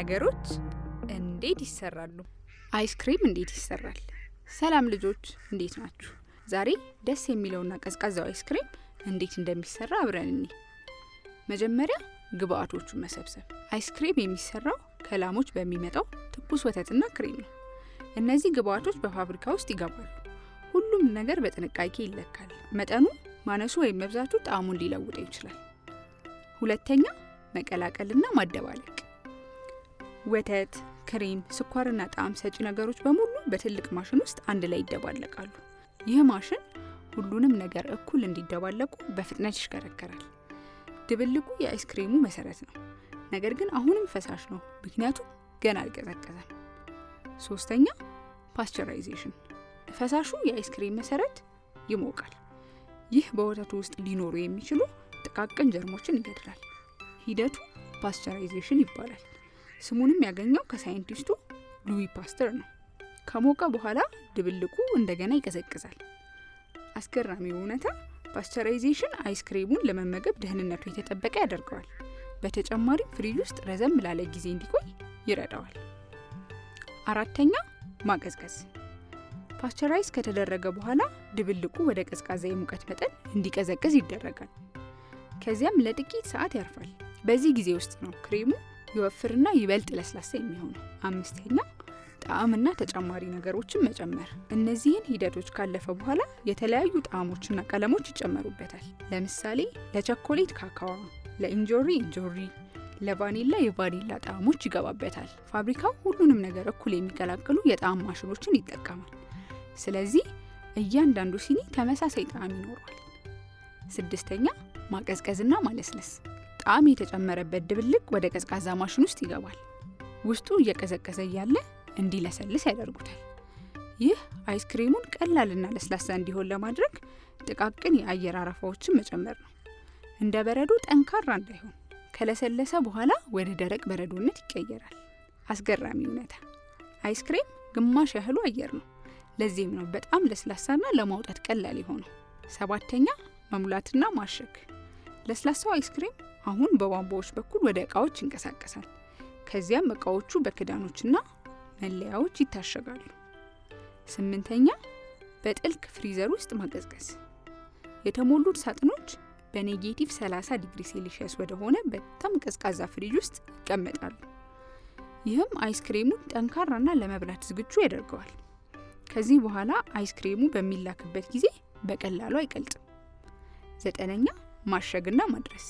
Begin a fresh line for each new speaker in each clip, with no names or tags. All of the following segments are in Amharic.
ነገሮች እንዴት ይሰራሉ?
አይስክሪም እንዴት ይሰራል?
ሰላም ልጆች፣ እንዴት ናችሁ? ዛሬ ደስ የሚለውና ቀዝቃዛው አይስክሪም እንዴት እንደሚሰራ አብረን እኔ መጀመሪያ ግብአቶቹን መሰብሰብ። አይስክሪም የሚሰራው ከላሞች በሚመጣው ትኩስ ወተትና ክሬም ነው። እነዚህ ግብአቶች በፋብሪካ ውስጥ ይገባሉ። ሁሉም ነገር በጥንቃቄ ይለካል። መጠኑ ማነሱ ወይም መብዛቱ ጣዕሙን ሊለውጠው ይችላል። ሁለተኛ መቀላቀልና ማደባለቅ ወተት፣ ክሬም፣ ስኳርና ጣዕም ሰጪ ነገሮች በሙሉ በትልቅ ማሽን ውስጥ አንድ ላይ ይደባለቃሉ። ይህ ማሽን ሁሉንም ነገር እኩል እንዲደባለቁ በፍጥነት ይሽከረከራል። ድብልቁ የአይስክሬሙ መሰረት ነው፣ ነገር ግን አሁንም ፈሳሽ ነው ምክንያቱም ገና አልቀዘቀዘም። ሶስተኛ ፓስቸራይዜሽን፣ ፈሳሹ የአይስክሬም መሰረት ይሞቃል። ይህ በወተቱ ውስጥ ሊኖሩ የሚችሉ ጥቃቅን ጀርሞችን ይገድላል። ሂደቱ ፓስቸራይዜሽን ይባላል። ስሙንም ያገኘው ከሳይንቲስቱ ሉዊ ፓስተር ነው። ከሞቀ በኋላ ድብልቁ እንደገና ይቀዘቅዛል። አስገራሚው እውነታ ፓስቸራይዜሽን አይስክሬሙን ለመመገብ ደህንነቱ የተጠበቀ ያደርገዋል። በተጨማሪም ፍሪጅ ውስጥ ረዘም ላለ ጊዜ እንዲቆይ ይረዳዋል። አራተኛ ማቀዝቀዝ። ፓስቸራይዝ ከተደረገ በኋላ ድብልቁ ወደ ቀዝቃዛ የሙቀት መጠን እንዲቀዘቅዝ ይደረጋል። ከዚያም ለጥቂት ሰዓት ያርፋል። በዚህ ጊዜ ውስጥ ነው ክሬሙ ይወፍርና ይበልጥ ለስላሳ የሚሆነው። አምስተኛ ጣዕምና ተጨማሪ ነገሮችን መጨመር። እነዚህን ሂደቶች ካለፈ በኋላ የተለያዩ ጣዕሞችና ቀለሞች ይጨመሩበታል። ለምሳሌ ለቸኮሌት ካካዋ፣ ለእንጆሪ እንጆሪ፣ ለቫኒላ የቫኒላ ጣዕሞች ይገባበታል። ፋብሪካው ሁሉንም ነገር እኩል የሚቀላቅሉ የጣዕም ማሽኖችን ይጠቀማል። ስለዚህ እያንዳንዱ ሲኒ ተመሳሳይ ጣዕም ይኖረዋል። ስድስተኛ ማቀዝቀዝና ማለስለስ ጣዕም የተጨመረበት ድብልቅ ወደ ቀዝቃዛ ማሽን ውስጥ ይገባል። ውስጡ እየቀዘቀዘ እያለ እንዲለሰልስ ያደርጉታል። ይህ አይስክሬሙን ቀላልና ለስላሳ እንዲሆን ለማድረግ ጥቃቅን የአየር አረፋዎችን መጨመር ነው። እንደ በረዶ ጠንካራ እንዳይሆን ከለሰለሰ በኋላ ወደ ደረቅ በረዶነት ይቀየራል። አስገራሚ እውነታ አይስክሬም ግማሽ ያህሉ አየር ነው። ለዚህም ነው በጣም ለስላሳና ለማውጣት ቀላል የሆነው። ሰባተኛ መሙላትና ማሸግ። ለስላሳው አይስክሪም አሁን በቧንቧዎች በኩል ወደ እቃዎች ይንቀሳቀሳል። ከዚያም እቃዎቹ በክዳኖችና መለያዎች ይታሸጋሉ። ስምንተኛ በጥልቅ ፍሪዘር ውስጥ ማቀዝቀዝ። የተሞሉት ሳጥኖች በኔጌቲቭ 30 ዲግሪ ሴልሺየስ ወደሆነ በጣም ቀዝቃዛ ፍሪጅ ውስጥ ይቀመጣሉ። ይህም አይስክሬሙን ጠንካራና ለመብላት ዝግጁ ያደርገዋል። ከዚህ በኋላ አይስክሬሙ በሚላክበት ጊዜ በቀላሉ አይቀልጥም። ዘጠነኛ ማሸግና ማድረስ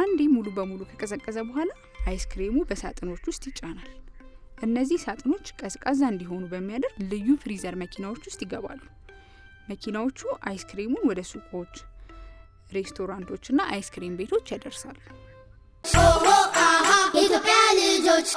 አንዴ ሙሉ በሙሉ ከቀዘቀዘ በኋላ አይስክሬሙ በሳጥኖች ውስጥ ይጫናል። እነዚህ ሳጥኖች ቀዝቃዛ እንዲሆኑ በሚያደርግ ልዩ ፍሪዘር መኪናዎች ውስጥ ይገባሉ። መኪናዎቹ አይስክሬሙን ወደ ሱቆች፣ ሬስቶራንቶችና አይስክሬም ቤቶች ያደርሳሉ። የኢትዮጵያ ልጆች